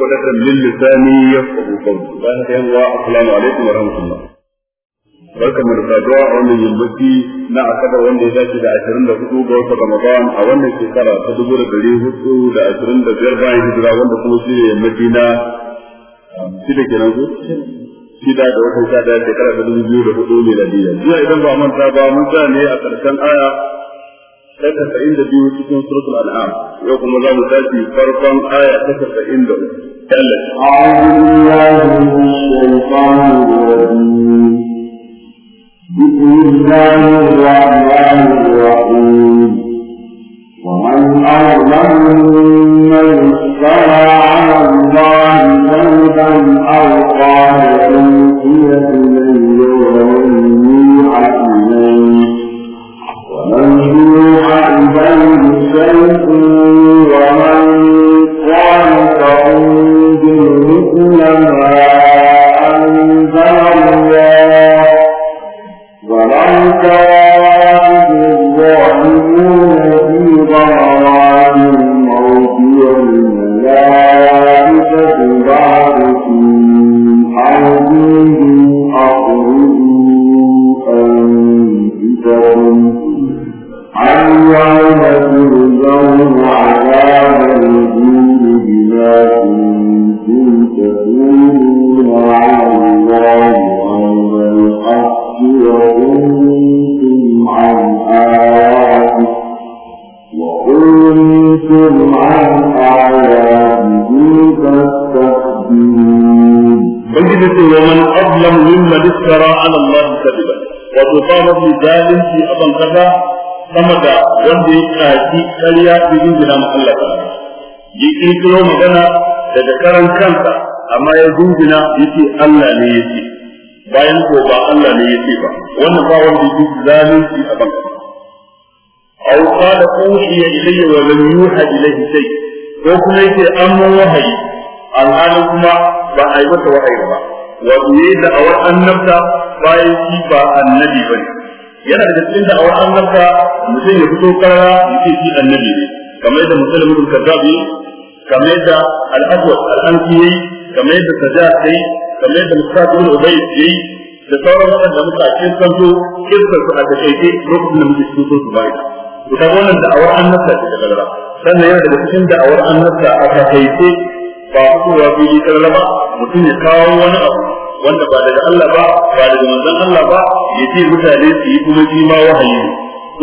عقدة من لساني يفقهوا قولي بارك الله السلام عليكم ورحمة الله barka mu da saduwa a wannan yammaci na asabar wanda ya dace da ashirin da hudu ga watan ramadan a wannan shekara ta dubu da dari hudu da ashirin da biyar bayan hijira wanda kuma shi ne yammaci na um, shida kenan ko shida da watan sha daya shekara ta dubu biyu da hudu ne da biyar zuwa idan ba manta ba mun sa ne a karshen aya ta tasa'in da biyu cikin suratul al'am yau kuma za mu tashi farkon aya ta tasa'in da uku تلت أعوذ بالله من الشيطان الرجيم بسم الله الرحمن الرحيم ومن أظلم ممن افترى على الله كذبا أو قال أوتي إليه وكنتم عن آياته تستكبرون بجد ومن أظلم ممن افترى على الله كذبا وتقام في ذلك أبا كذا sama da wanda ya kaji ƙarya da jingina ma Allah yi ƙirƙiro magana daga karan kansa amma ya Allah ne bayan ko ba Allah ne yake ba wannan ba wanda yake zalunci a banka aw da uhiya ilayya wa lam yuha ilayhi shay ko kuma yake an mun wahayi alhalin kuma ba a yi masa wahayi ba wato yayi da awar shi ba annabi yana da cikin da awar annabta mutum ya fito karara yake shi annabi ne kamar da musulmi bin kazzabi kamar da al-aswad al-ansi yayi kamar yadda sajja yayi kamar da mustaqim bin ubay yayi da sauran waɗanda muka cikin kanto kirkar su a takaice lokacin da muke cikin su ba ita wannan da'awar annabta ce daga lara sannan yana daga cikin da'awar annabta a takaice ba fitowa fili karrama mutum ya kawo wani abu wanda ba daga Allah ba ba daga manzon Allah ba ya ce mutane su yi kuma shi ma wahayi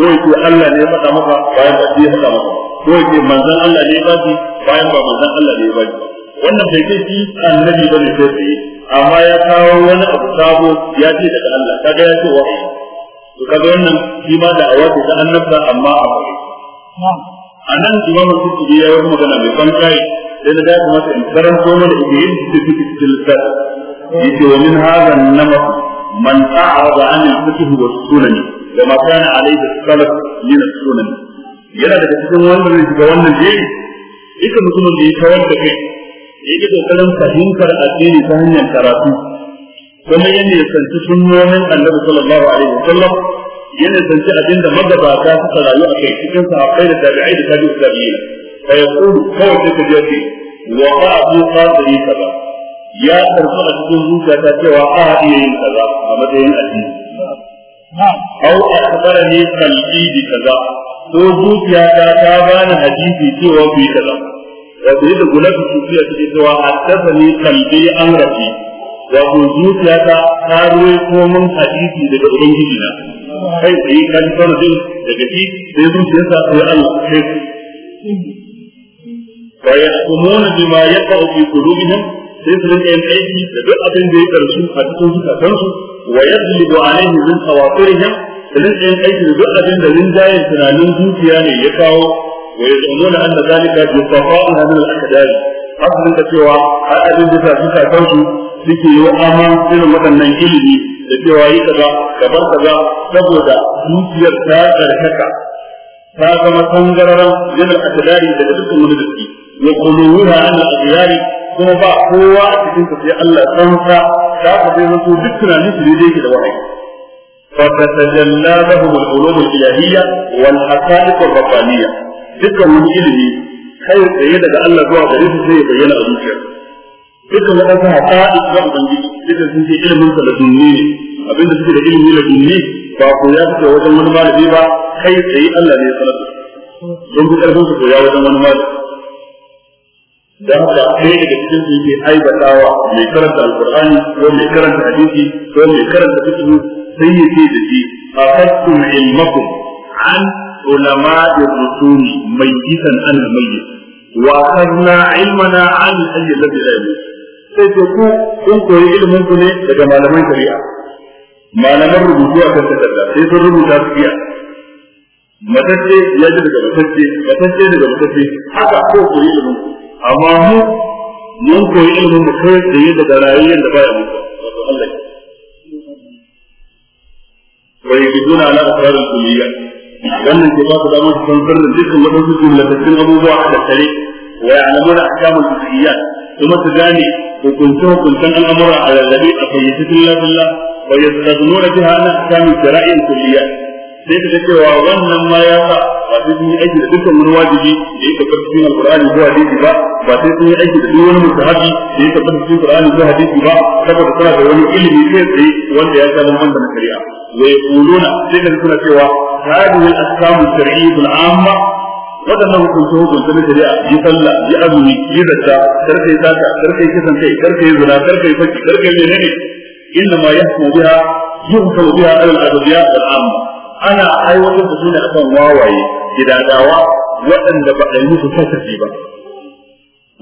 ko ya ce Allah ne ya faɗa maka bayan ba shi ya faɗa maka ko ya ce manzon Allah ne ya ba shi bayan ba manzon Allah ne ya ba shi wannan bai kai shi annabi bane sai sai amma ya kawo wani abu sabo ya ce daga Allah kaga ya ce wahayi to kaga wannan shi ma da awatu ta annabta amma a kare a nan imamu kutubi ya yi magana mai ban kai sai da ya kamata in da mana yin da suke cikin lissafi yake wa min hadha an man a'rada an al-fiqh wa da ma kana alayhi salaf min sunani. sunan yana daga cikin wannan ne ga wannan dai duka mutumin da ya kawar da kai yake kokarin fahimtar addini ta hanyar karatu kuma yanda ya sanci sunnonin annabi sallallahu alaihi wasallam yana tsanci abin da magabata suka rayu a kai cikin sahabbai da tabi'ai da tabi'u tabi'ina fa yaqulu kawai sai ka je ce wa ba'du qadri kaza ya karfi a cikin zuciyata cewa a iya yin kaza a matsayin addini au a kabara ne kalbi bi kaza ko zuciyata ta bani hadisi cewa bi kaza wato yadda gulafi sufiya take cewa haddasa ne kalbi an rafi wato zuciyata ta ruwaito komin hadisi daga ubangiji na kai tsaye ka ji sauran din da shi sai zuciyarsa sai Allah sai fa yahkumuna bima yaqa'u fi qulubihim sai su rinka yin aiki da duk abin da ya karsu a cikin zukatansu wa ya ba yadlibu alaihim min tawafirihim su rinka yin aiki da duk abin da linjayen tunanin zuciya ne ya kawo wa yazununa anna zalika bi tafa'uha min al-akdari haka rinka cewa har abin da zukatansu suke yi wa amma irin waɗannan ilimi da cewa yi kaza gaban kaza saboda dukiyar ta karkata ta zama tangararan yana atadari daga dukkan wani duki ya kulluha an al-adiyari kuma ba kowa a cikin su sai Allah tsansa da ka zai zanto duk tunanin su daidai yake da wahayi fa tatajalla lahum al-ulum al-ilahiyya wal haqa'iq ar-rabbaniyya dukkan wani ilimi kai tsaye daga Allah zuwa gare su sai ya bayyana a zuciyarsu dukkan waɗansu haƙa'i na ubangiji duka sun ce ilimin sa da dunni ne abinda suke da ilimi da dunni ba ko ya suke wajen wani malami ba kai sai Allah ne ya sanar da don bi ƙarfin su koya wajen wani malami da haka ɗaya daga cikin su yake aibatawa mai karanta alƙur'ani ko mai karanta hadisi ko mai karanta fiqh sai ya ce da shi afattum ilmakum an ulama da rusuli mayyitan an al-mayyit wa akhadna ilmana an al-hayy alladhi la yamut sai ce ku kun koyi ilimin ku ne daga malaman shari'a malaman rubutu a kan takarda sai sun rubuta su iya matacce ya ji daga matacce matacce daga matacce haka ko koyi ilimin amma mu mun koyi ilimin mu kai tsaye daga rayuwar da baya mutu wato Allah wai guduna ala asrarul kulliya wannan ke ba ku damar su san sirrin dukkan wadansu jumlatattun abubuwa da tare wa ya'lamuna ahkamul kulliyat kuma su gane وكنتم كنتم الامر على الذي اخيجت الله بالله ويستغنون بها انا احكام شراء كلية. سيد ذكر وظن ما يقع وسيدني اجد ذكر من واجبي ليس قد في القران هو حديث با وسيدني اجد ذكر من مستحبي ليس قد في القران هو حديث با فقد قال في ومن اله سيدي وانت يا سلام من بن الشريعه ويقولون سيد ذكر هذه الاحكام الشرعيه العامه waɗannan hukunci hukunci na shari'a yi sallah yi azumi yi zakka karfe zaka karfe kisan kai karkai zina karkai fakki karkai menene inna ma yahkumu biha yuhkamu biha al-adabiyya al-amma ana aiwatar da suna akan wawaye gidadawa waɗanda ba a yi musu kasafi ba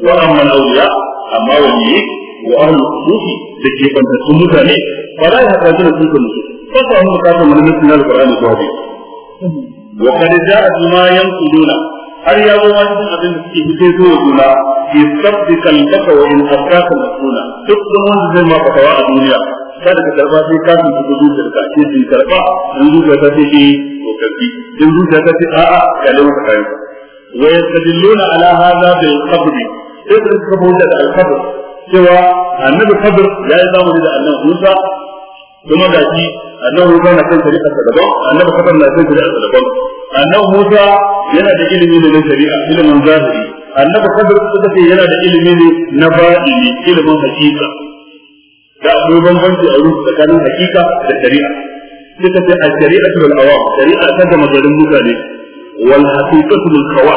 wa amma auliya amma waliyi wa ahlu sufi da ke sun mutane ba za a haɗa su da sun kanu ba sa wani bukatar na sunan alƙur'ani ko hadisi wa qad ja'at ma yanquluna har ya zo wani abin da suke fice zuwa juna yastabdikal laka wa in hakaka masuna duk da mun zai ma a duniya kada ka karba sai ka fi kudu zuciyar ka ce din karba in zuciya ta ke eh, to karbi in zuciya ta ce a'a ka lewa ka kai wa yastadilluna ala hadha bil sai suka da ya yi zamani da annabi Musa kuma annabi Musa na kan shari'a ta daban annabi Kafar na kan shari'a ta daban annabi Musa yana da ilimi ne na shari'a ilimin zahiri annabi Kafar suka ce yana da ilimi ne na ba'ini ilimin hakika da akwai bambanci a rufe tsakanin hakika da shari'a suka ce a shari'a ta awam shari'a ta gama garin mutane wal haqiqatu lil qawa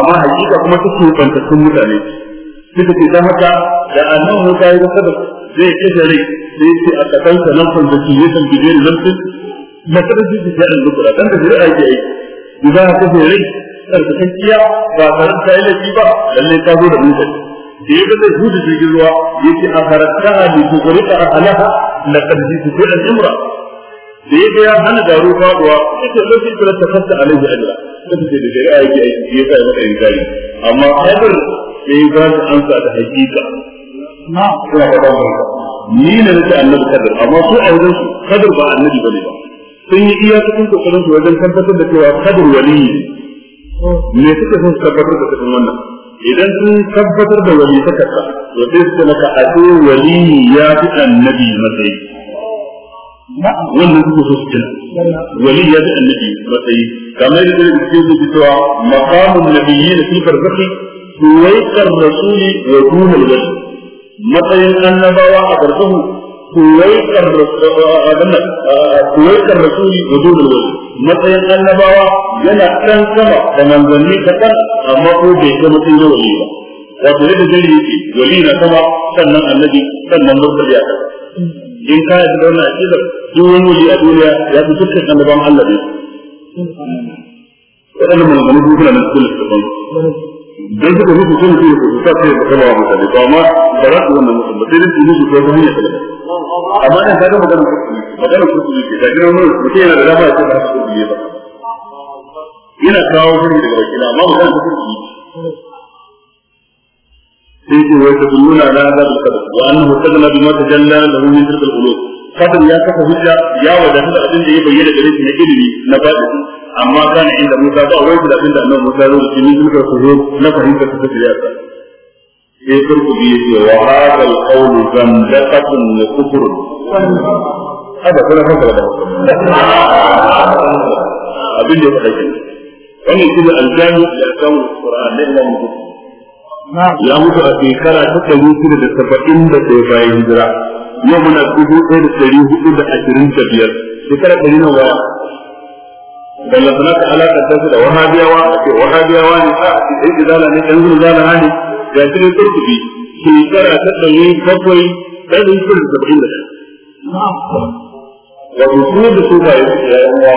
amma hakika kuma take bantattun mutane suka ce dan haka da annabi Musa ya ga sabbi zai kashe rai sai ce a kasan ka nan kan zaki ne san bigeri nan tun na kada ji ta da zukura dan da zai aiki aiki idan ka kashe rai tsarkakan kiya ba tare da laifi ba lalle ka zo da mutum da ya zai hudu jirgin ruwa yake a haratta ne ko gurita a alaha na kadji su ko al'imra da ya ya hana garu faduwa ita lokacin da ta fasta alaihi ajra kuma da dare aiki aiki ya sa mata inkari amma haifar da ya ba ta amsa da hakika suna faɗan bauta ni ne nake annabi kadar amma su a wajen su kadar ba annabi bane ba sun yi iya cikin kokarin su wajen tabbatar da cewa kadar waliyi ne me suka sun tabbatar da cikin wannan idan sun tabbatar da wali ta kasa to sai su naka a ce wali ya fi annabi matsayi wannan suke so su kira wali ya fi annabi matsayi kamar yadda da suke so su cewa maqamun nabiyyi da fi barzakhi suwaikar rasuli wa dunal wali matsayin annabawa a barzahu kuwaikar rasuli da dole wani matsayin annabawa yana ɗan sama da manzanni kaɗan amma ko bai kai matsayin da wali ba wato yadda zai yake wali na sama sannan annabi sannan murtali a ƙasa in ka yi da wannan aƙidar duk wani wali a duniya ya fi dukkan annaban Allah ne waɗannan manzanni suna cikin dan suka mutu sun ce su sa sai da kalawa mutane to amma ba za su wannan sai su ko kuma ya amma dan ka ga magana magana ku da gina mun yana da dama ya ce ba su ba yana kawo shi daga amma ku sai wai ta da wa annahu bima tajalla lahu min tilkal kafin ya kafa hujja ya wadata da abin da ya bayyana gare shi na ilimi na baɗi amma kana inda Musa ba wai da abin da Annabi Musa ya rubuta min duka ku zo na fahimta ta tafiya ta sai turku biye ce wa hadha al-qawlu zandaqatun wa kufrun hada kana haka da abin da ya faɗa ke wannan shi da aljami da akamul qur'an da imam ya mutu a shekara ta da da 371 bayan hijira yau muna dubu ɗaya da ɗari hudu da ashirin da biyar shekara ɗari na waya ballasana ta alaƙa ta su da wahabiyawa a ce wahabiyawa ne a ce da izala ne ɗan zulzala ne ga shi ne turkubi shekara ta ɗari bakwai ɗari shida da saba'in da ɗaya wato su da su ba yake ya yawa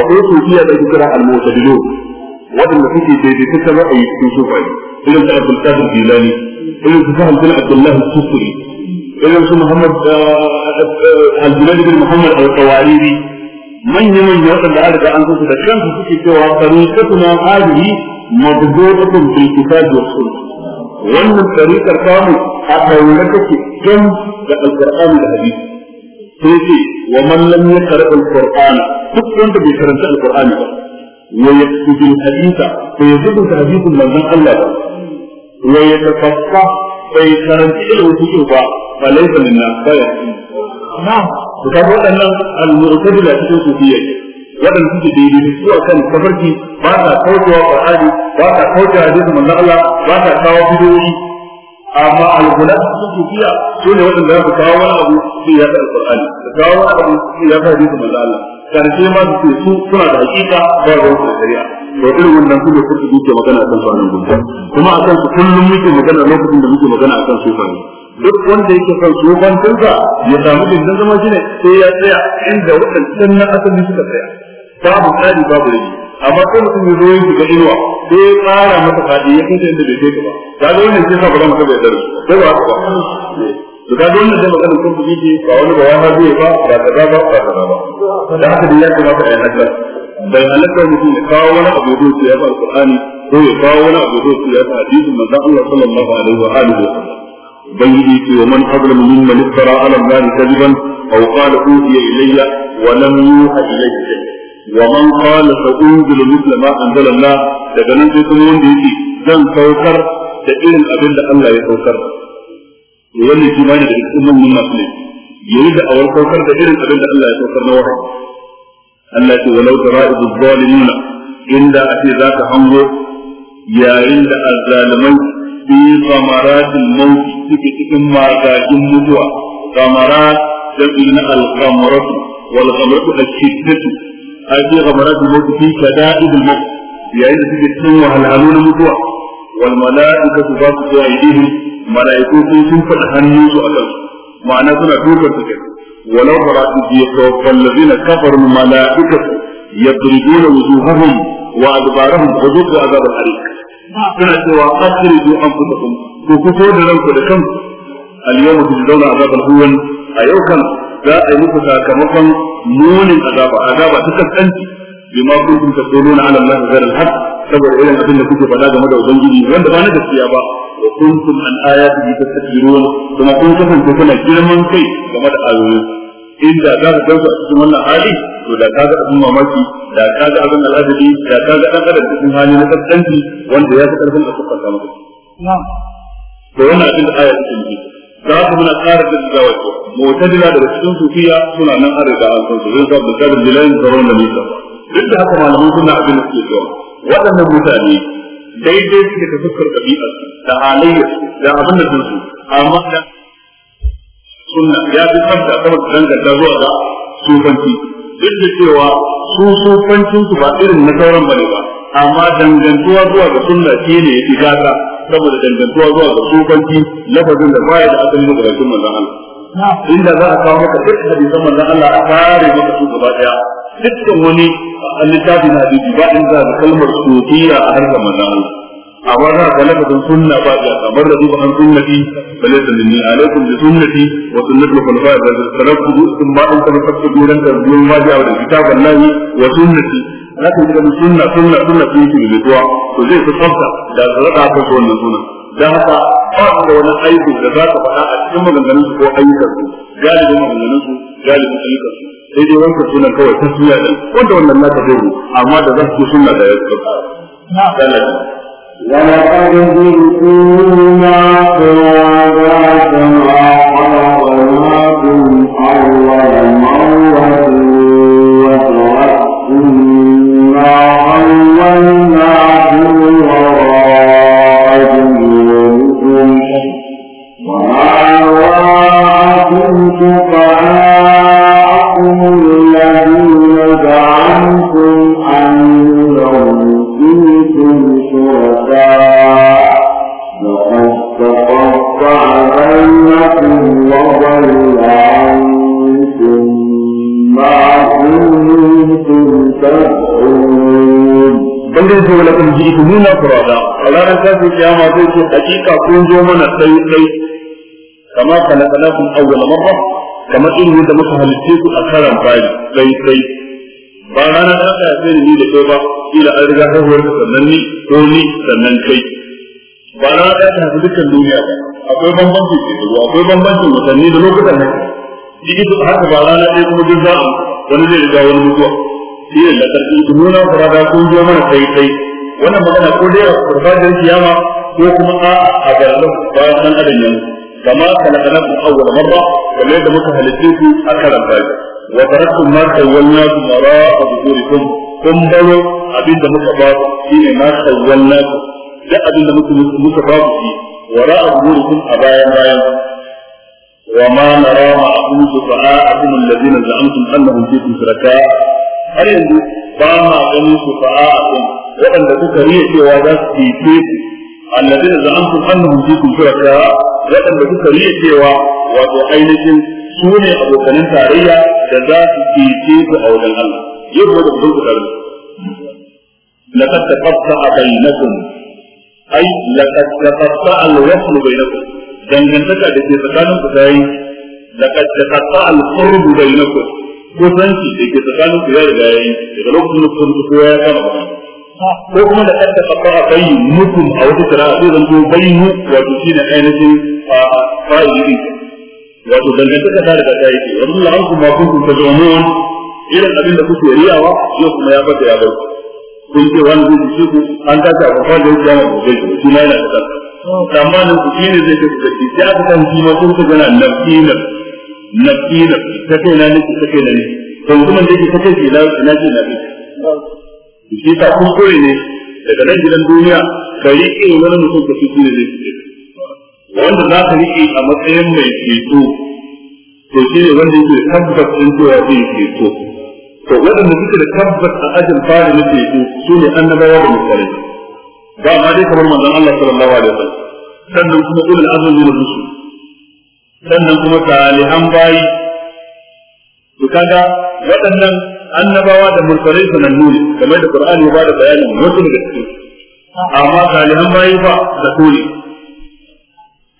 akwai sufiya da ake kira al-mu'tadilu wadanda suke daidaita ra'ayi cikin sufai irin da Abdul Qadir Jilani irin su Sahal bin Abdullah Sufri irin su Muhammad eh, eh, Al-Junaid bin Muhammad Al-Qawariri manyan manyan waɗanda an riga an san su da kansu suke cewa tariqatuna hadhihi mabdu'atun bil kitab wa sunnah wannan tariqar kamu a daure take kan da al alqur'ani da hadisi sai ce wa man lam yaqra al-qur'ana duk wanda bai karanta al-qur'ani ba wa yaktubu al-haditha fa yajibu hadithun manzon Allah ba wa yatafaqqa bai karanci ilmu fiqh ba falaisa minna baya na'am to kaga waɗannan al-mu'tazila cikin sufiyya waɗanda suke daidai da su akan tafarki ba ta kaucewa qur'ani ba ta kaucewa hadisin manzon Allah ba ta kawo bidoyi amma al-gulat cikin sufiyya su ne waɗanda za su kawo wani abu su ya ta al-qur'ani su kawo wani abu su ya ta suna da hakika ba ruwan su da shari'a to irin wannan su ne kuka su a nan kuma muke magana lokacin da muke magana akan su duk wanda yake son ya samu gindin zama shi sai ya tsaya inda wadannan na asali suka tsaya babu tsari babu rabi amma sai mutum ya zo ya shiga inuwa sai ya tsara masa ya kai inda bai kai ba ta ga wannan sai sa ba za mu taɓa sai ba haka ba ka ga wannan da maganar kun kuɗi ce ba wani ba wani zai ba ba kaza ba ba kaza ba da haka dai ya kamata a yi hajjar bai halatta mutum ya kawo wani abu da ya fi alƙur'ani ko ya kawo wani abu da ya fi hadisin manzon Allah sallallahu alaihi wa alihi wa sallam ubangiji ce wa man azlam mimman iftara ala allahi kadiban aw qala uhiya ilayya wa lam yuha ilayya shay wa man qala sa unzil mithla ma anzala daga nan sai kuma wanda yake zan saukar da irin abin Allah ya saukar wannan shi ma ne da masu ne da awar saukar da irin Allah ya saukar na Allah ce walau tara'idu zalimuna inda ake zaka hango yayin da azzalimai fi zamaratin mauti suke cikin magajin mutuwa zamarat jam'i na al-ghamratu wal ghamratu al-shiddatu ai fi zamaratin mauti fi shada'idil maut yayin da suke cikin wahalhalu na mutuwa wal mala'ikatu ba su zuwa idihim mala'iku sun sun faɗa hannunsu a kansu ma'ana suna tukar su kai walau fara'in fi yatawaffal ladina kafaru mala'ikatu yadribuna wujuhahum wa adbarahum wa zuqu adab al-hariq suna cewa akhiru ju anfusakum ku fito da ranku da kanku al-yawma tujzauna huwan a yau kan za a yi muku sakamakon munin azaba azaba ta kaskanci bima kun taquluna ala Allah ghayra al-haq saboda irin abin da kuke faɗa game da ubangiji wanda ba na gaskiya ba wa kuntum an ayati tastakbirun kuma kun kasance kuna girman kai game da ayoyi inda za ka gansu a cikin wannan hali to da ka ga abin mamaki da ka ga abin al'adari da ka ga dan cikin hali na kaskanci wanda ya fi karfin a kuka ta maka to wannan abin da aya cikin ji za ku muna ƙara da gawa Mota dila daga cikin sufiya suna nan an da an san su zai sa da bilayin zaron da nisa duk da haka malaman suna abin da suke cewa waɗannan mutane daidai suke ta fuskar ɗabi'a da halayyar da abin da su amma da sunna ya fi tsafta sama da danganta zuwa ga sufanci duk da cewa su sufancin su ba irin na sauran bane ba amma dangantuwa zuwa ga sunna shi ne ya fi gata saboda dangantuwa zuwa ga sufanci lafazin da baya da asalin daga cikin manzon Allah inda za a kawo maka duk hadisan manzon Allah a kare maka su gaba daya dukkan wani littafi na hadisi ba in za kalmar sufiya a harkar manzon Allah amma za ka lafazin sunna ba ya kamar da zuwa an sunnati balaysa minni alaikum bi sunnati wa sunnatul khulafa'i ar-rashidin tanaffudu thumma antum tafsirun tanzilun ma ja'a bil kitabillahi wa sunnati za ka ga sunna sunna sunna sun yi bid'a to zai fi tsafta da zaka ka ko wannan sunna dan haka ba su da wani aiki da za ka faɗa a cikin maganganun ko ayyukan su galibin maganganun su galibin ayyukan su sai dai wanka sunan kawai tasmiya din wanda wannan na ta zai amma da zaka sunna da ya tsafta لقد جئتمونا صعوبا كما خلقناكم أول مرة وتركتم ما خولناكم وراء ظهوركم وما وراءكم تقاتلون كنتم شركاء لقد تقطع بينكم وضل عنكم ما كنتم تدعون dan da yake lakum jiitu muna furada a ranar kafin kiyama zai ce hakika kun zo mana sai sai kama kana kana kun awwal marra kamar irin yadda muka halitte ku a karan fari sai sai ba ranar da aka yi da kai ba kila an riga haihuwar ka sannan ni ko ni sannan kai ba na da ta haifi dukkan duniya ba akwai bambancin shekaru akwai bambancin watanni da lokutan haka Jiki su haka ba rana ɗaya kuma duk za'a wani zai riga wani mutuwa shi ne da ƙarfi su nuna fara da kun zo mana kai-kai. wannan magana ko dai a farfajiyar kiyama ko kuma a a garin bayan ɗan adam yanzu kama kalakalakum awwal marra kamar yadda muka halitte ku a karanta wa taraktum ma tawwallakum wara'a zuhurikum kun baro abin da muka ba ku shine ma sawwalna ku da abin da muka ba ku shi wa ra'a umurikum a bayan bayan wa ma nara ma'akum shufa'akum alladhina za'amtum annahum fikum shuraka har yanzu ba ma a shufa'akum waɗanda suka riya cewa za su fice ku alladhina za'amtum annahum fikum shuraka waɗanda suka riya cewa wato ainihin su ne abokanin tarayya da za su fice ku a wajen Allah yau kuma da لقد تقطع بينكم أي لقد تقطع الوصل بينكم dangantaka da ke tsakanin ku tayi laqad taqatta al-qurbu bainakum ko sanki da ke tsakanin ku ya riga yayi da ya kama ko kuma da kadda bai mutum a wata kira sai zan to bainu wato shine ainihin fa'ili wato dangantaka ta daga ta yi wannan an kuma kun ku tazamun irin abin da kuke riyawa yau kuma ya bada ya bauta kun ce wani zuci shi ku an ta ta kwafa da yadda yawon bauta ku shi ma yana da kasa amma nan ku shi ne zai ce ku da shi ya kan shi ma kun ka gana nafinar nafinar ta kai na nake ta kai na ne kan kuma da yake ta kai lafi na ce na nake shi ta kun kore ne daga nan gidan duniya ka riƙe wani mutum ka fi shi ne zai ci wanda za ka riƙe a matsayin mai ceto to shi ne wanda yake tabbas ɗin cewa zai ceto to waɗanda suke da tabbas a ajin fari na teku su ne annabawa da misalai ba ma dai kamar manzon Allah sallallahu alaihi wasallam sannan kuma ulul azmi na rusul sannan kuma salihan bayi to kaga waɗannan annabawa da mursalai sunan nuni kamar da Qur'ani ba da bayanin wasu daga cikin amma salihan bayi ba da ne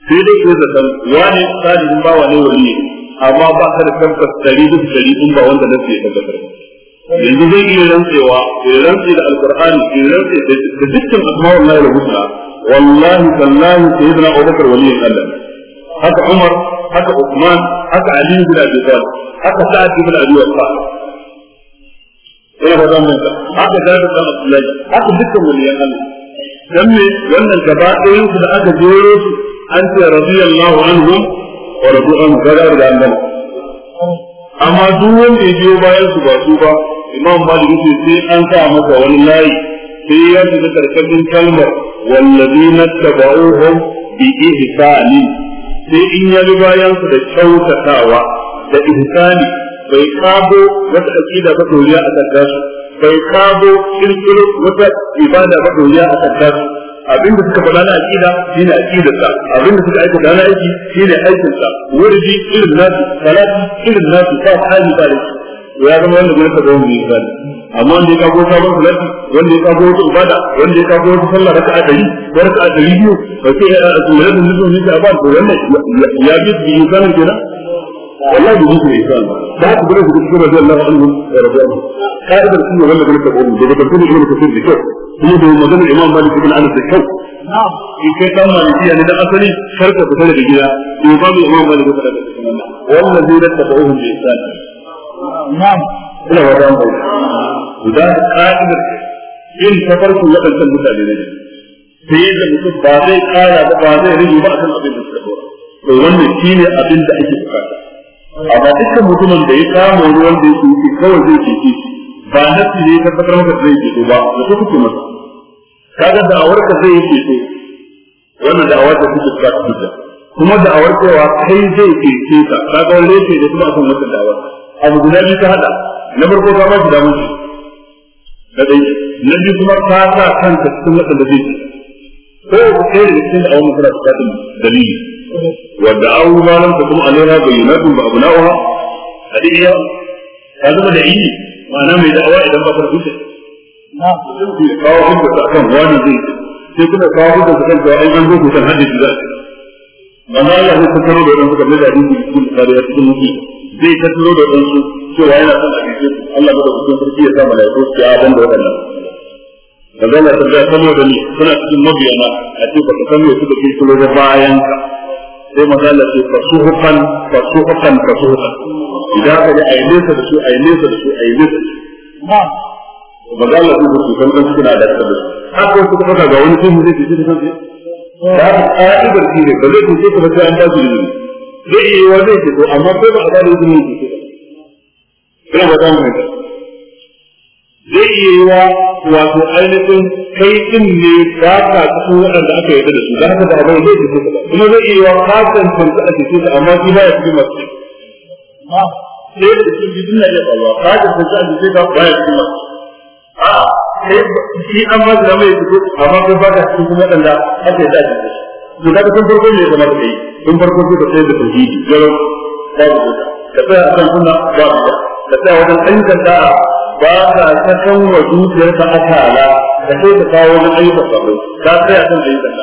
sai dai ko zaton wani salihin bawa ne wani ne amma ba ka da tabbas dari duk dari in ba wanda nasi ya tabbatar yanzu zai iya rantsewa ya rantse da alqur'ani ya rantse da dukkan asma'ul lahi husna wallahi tallahi sayyidina abubakar waliyin allah haka umar haka usman haka ali ibn abi talib haka sa'ad ibn abi waqqas ina ba zan manta haka da da abdullahi haka dukkan waliyan allah dan me wannan gaba ɗayan su da aka jero su an ce radiyallahu anhum wa rabu an gara da an gama amma duk wanda ya biyo bayan su ba su ba imam malik yace sai an sa masa wani layi sai ya shiga karkashin kalmar wallazina tabauhum bi ihsani sai in ya bi bayan su da kyautatawa da ihsani bai kabo wata aqida ba doriya a su. bai kabo kirkiro wata ibada ba doriya a su. abinda suka faɗa na aqida shine aqidarsa abinda suka da na aiki shine aikinsa wurdi irin nasu salati irin nasu ba hali ba ya zama wanda gurin sabon bi yi amma wanda ya kago sabon salati wanda ya kago wata ibada wanda ya kago wata sallah raka'a dari ko raka'a dari biyu ba sai ya a tsumare da nufin ne ta ba ko wannan ya bi bi sanar kenan wallahi da haka gurin da kuma radiyallahu anhu wa radiyallahu ka'idar sunna wanda gurin sabon bi da kafin da gurin kafin da kyau kuma da maganar imam malik ibn anas da kyau in kai dan malikiya ne dan asali karka fita daga gida to ba mu imam malik da daga cikin wannan wallahi da tabahuhum bi ihsan na'am ina wadan ku idan ka'idar in ta farko ya kan mutane ne sai da mutum ba zai kara ba ba zai rage ba akan abin da suka dora to wannan shine abin da ake bukata amma dukkan mutumin da ya samu ruwan da yake kawai zai ce ba nafsi ne ka tabbatar maka zai ce ba da su kuke masa kaga da'awar ka zai ce ce wannan da'awar da kuke ta kuka kuma da'awar cewa kai zai ce ce ka kaga wani ce da kuma akan masa da'awar abu guda biyu ta hada na farko ka ba shi da mushi da dai na biyu kuma ka sa kanka cikin wadanda zai ce ko ku kai da cikin da'awar kana bukatar dalili wadda awu ma lam takum alaiha bayyinatun ba abna'uha hadiya ka zama da ilimi ma'ana mai da'awa idan ba ka da hujja sai ku kawo hujja ta kan wani zai sai kuna kawo hujja ta kan cewa ai an zo hujjar hadisi za ka manzo Allah ya tattaro da wannan suka da hadisi cikin kariya cikin mutu zai tattaro da wannan su cewa yana son hadisi Allah ba da cikin sarki ya sa malaiku su ya ban da wannan kaza na tabbata saboda ni suna cikin mabiyana a ce ka san me suka kai kilo da bayan ka sai manzo Allah ya ce fasuhukan fasuhukan fasuhukan idan aka ji a yi nesa da su a yi nesa da su a yi nesa da su ba za a su san kan suna da ta da su haka wasu kuma ga wani sun zai ji sun san da haka ka'idar shi ne ba zai kuce ka sai an ba su ilimi zai yi wa zai fito amma sai ba a ba da zai ne ke ina ba za mu mai zai iya yi wa wato ainihin kai din ne ba ka cikin waɗanda aka yarda da su da haka ba a bai zai fito kuma zai iya yi wa kasan kan ta ake fito amma shi ba ya fi masu sai da cikin bidin na iya faruwa ka ga ko za ka ba ya kuma a sai shi an ba da mai fito amma ko ba da shi kuma dan da ake da shi to da kun farko ne da mai kun farko ko da sai da tauhidi garo da da sai a kan kuma ba ku da sai wajen ayyukan da ba ka ta san wa zuciyar ka akala da sai ka kawo wani ayyukan ka sai a kan ayyukan da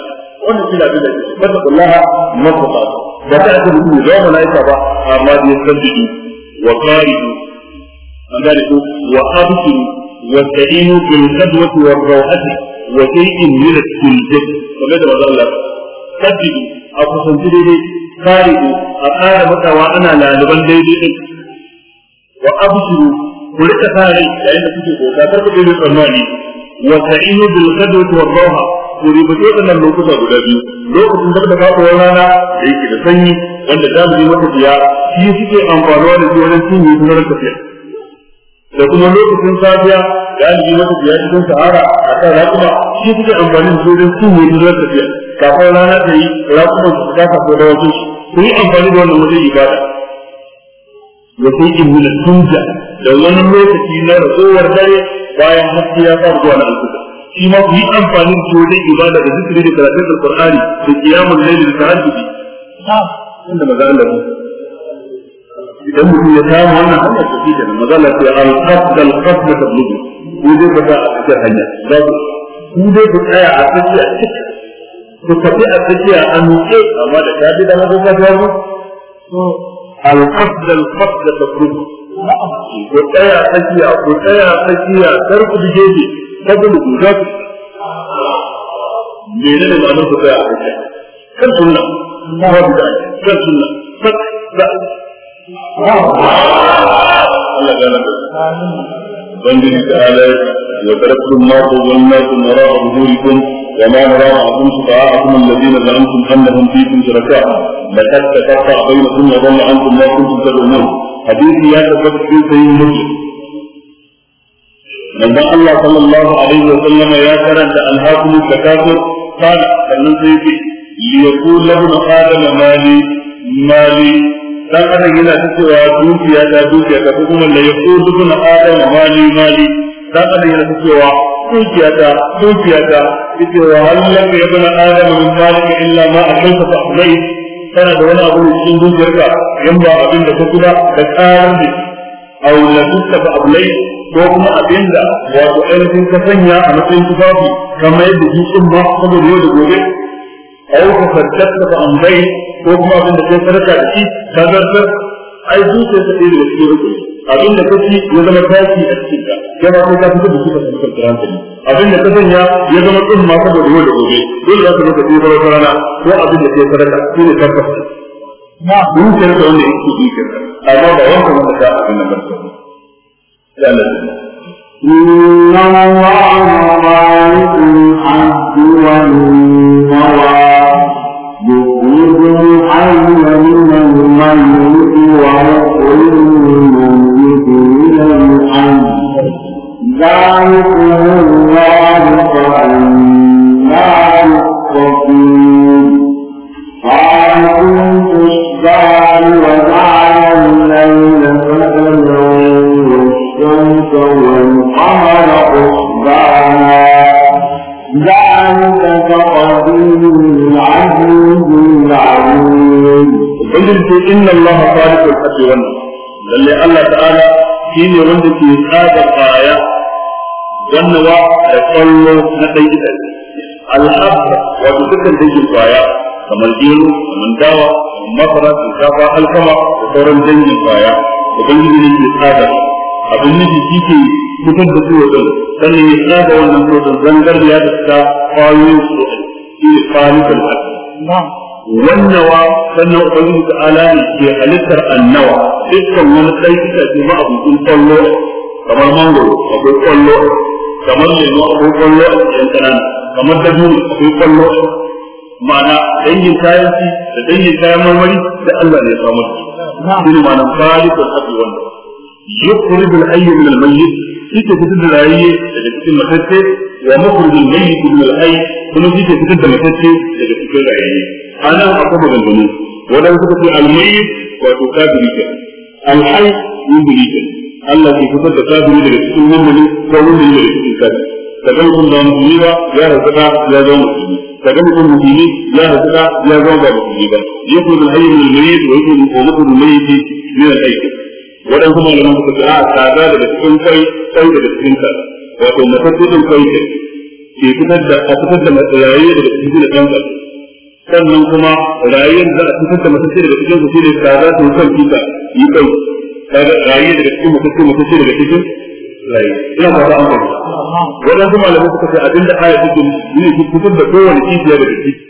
wannan shi da bidin ne fatakullaha mafaqat ba ta aka mutum ya zama malaika ba amma da ya sabbidu wa qari'u an gane ko wa abshiru wa ta'inu bil qadwati wa rawati wa shay'in min al-kulub kamar da manzo Allah sabbidu a kusanci daidai qari'u a ƙara matsawa ana laluban daidai din wa abshiru ku rika sa rai yayin da kuke bauta kar ku daidai tsammani wa ta'inu bil qadwati wa rawati ba sai waɗannan lokuta guda biyu lokacin da ka kawo rana da yake da sanyi wanda galibi biya shi suke amfanuwa da shi wajen cin yi sunar tafiya da kuma lokacin safiya galibi matafiya cikin sahara a kan rakuma shi suke amfani da shi wajen cin yi sunar tafiya kafin rana ta yi rakuma su ta kasa ko dawakin shi su yi amfani da wannan wajen ibada da sai in wula tunja da wani lokaci na ragowar dare bayan haske ya sa zuwa na alkuta shi ma ku yi amfani da wajen ibada da zikiri da karatun alqur'ani da qiyamul layl da tahajjudi inda maza Allah ne idan mutum ya samu wannan hanya ta fi kenan maza Allah ya al-qasdal qasda tablugu ku dai ba ta cikin hanya za ku ku dai ku tsaya a tsakiya ku tafi a tsakiya a nuke amma da ta bi da maza Allah ya zo al-qasdal qasda tablugu ku tsaya tsakiya ku tsaya tsakiya kar ku bige shi ta gudu ku za ku mene ne ma'anar ku tsaya a tsakiya kan sunna ba ku da kan sunna sak da Allah ya lafiya. Ubangiji ta ala ya karɓi ma ku gwamnati mara a وما نرى معكم شفعاءكم الذين زعمتم انهم فيكم شركاء لقد تقطع بينكم وضل عنكم ما كنتم تدعون حديثي يا تبت في سيد مسلم من الله صلى الله عليه وسلم يا كرنت الهاكم التكاثر قال فمن سيدي ليقول لهم ادم مالي مالي dan adam yana ta cewa dukiya ta dukiya ta ko kuma da yaqulu dukuna adam mali mali dan adam yana ta cewa dukiya ta dukiya ta yace wa hallam ya bana adam min zalika illa ma akalta fa ulai kana da wani abu cikin zuciyarka yan ba abin da ka da tsarin da aw la tutta fa ulai ko kuma abin da wato ainihin ka sanya a matsayin tufafi kamar yadda shi din ma saboda yau da gobe aw ka faddaka fa ambai ko kuma abin da kai sarka da shi ka zartar ai zuciyarka ɗaya da cikin rukuni abin da kake ya zama tashi a cikin ka sai ma sai ka fito da shi ka abin da ka sanya ya zama tsohon ma saboda yau da gobe dole za ka zo ka tsira wata rana ko abin da ke sadaka shi ne tabbas na dukiyar ka wanda yake dukiyar amma ba wanda ka abin nan ba ta ya Allah إن الله مالك الحج والنوى يخرج الحي من الميت ذلكم الله فأنا يؤفكون قال كنت الشبال وجعل الليل سكنا والشمس والقمر حسبانا ذلك تقدير العزيز العليم قلت إن الله خالق الحق والنصر للي الله تعالى shine wanda ke tsada kwaya wannan wa da kwallo na ɗan itace alhabba wato dukkan dangin kwaya kamar gero kamar dawa kamar masara shinkafa alkama da sauran dangin kwaya ubangiji ne ke tsada abin nufi shi ke fitar da su wajen sannan ya tsada wannan sosan zangarniya ta kwayoyin su shi ne kwanukan ake wannawa sannan ubangiji ta ala ne halittar annawa dukkan wani ɗan itace ma abokin kamar mangoro kamar lemo akwai kwallo a cikin kanana kamar dabino akwai kwallo ma'ana dangin kayan ci da dangin kayan marmari da Allah ne ya samu shi ne ma'ana khaliqul haqqi wanda yukhrij al-hayy min mayyit shi fitar da rayuwa daga cikin matacce wa mukhrij al-mayyit min al-hayy kuma shi fitar da matacce daga cikin rayuwa ana akwai maganganu wadanda suka ce al-mayyit wato kafiri al-hayy yubri Allah ke fitar da kafiri daga cikin mummuni ko mummuni daga cikin kafiri kaga mutum da mummuni ba ya razuka ya zama musulmi kaga mutum mummuni ya razuka ya zama ba musulmi ba yakun al hayy min al mayyit wa yakun al mutu min al mayyit min al hayy wadan kuma malaman suka ce a kaza daga cikin kai kai daga cikin ka wato matattun kai ke fitar da a fitar da matsayi daga cikin da kan ka sannan kuma rayuwar da a fitar da matattun daga cikin ku shine kaza to kan kika yi kai kaga rayuwa daga cikin mutum sai mutum daga cikin rayuwa ina fata an fahimta wadansu malamai suka ce abinda aya take ne fitar da kowane kishiya daga ciki